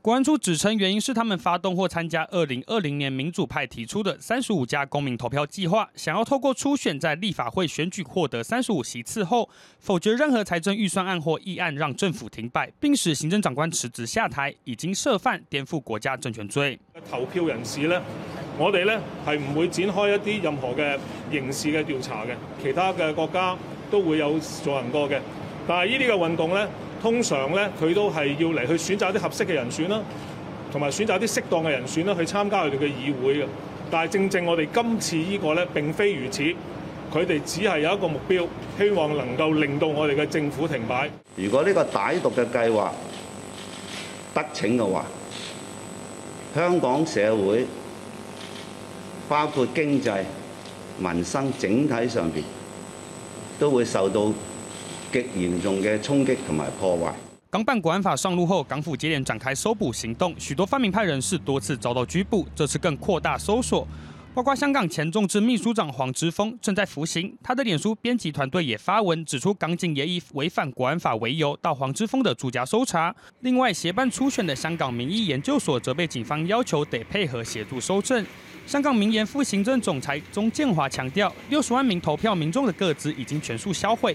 國安處指稱原因是他們發動或參加二零二零年民主派提出的三十五家公民投票計劃，想要透過初選在立法會選舉獲得三十五席次後否決任何財政預算案或議案，讓政府停擺，並使行政長官辭職下台，已經涉犯顛覆國家政權罪。投票人士呢，我哋呢係唔會展開一啲任何嘅刑事嘅調查嘅，其他嘅國家都會有做行過嘅，但係呢啲嘅運動呢。通常咧，佢都係要嚟去選擇一啲合適嘅人選啦，同埋選擇一啲適當嘅人選啦，去參加佢哋嘅議會嘅。但係正正我哋今次呢個咧並非如此，佢哋只係有一個目標，希望能夠令到我哋嘅政府停擺。如果呢個歹毒嘅計劃得逞嘅話，香港社會，包括經濟民生整體上邊都會受到。極嚴重嘅衝擊同埋破壞。港版國安法上路後，港府接連展開搜捕行動，許多泛民派人士多次遭到拘捕，這次更擴大搜索。包括香港前眾志秘書長黃之鋒正在服刑，他的臉書編輯團隊也發文指出，港警也以違反國安法為由，到黃之鋒的住家搜查。另外，協辦初選的香港民意研究所則被警方要求得配合協助搜證。香港民研副行政總裁鍾建華強調，六十萬名投票民眾的個資已經全數銷毀。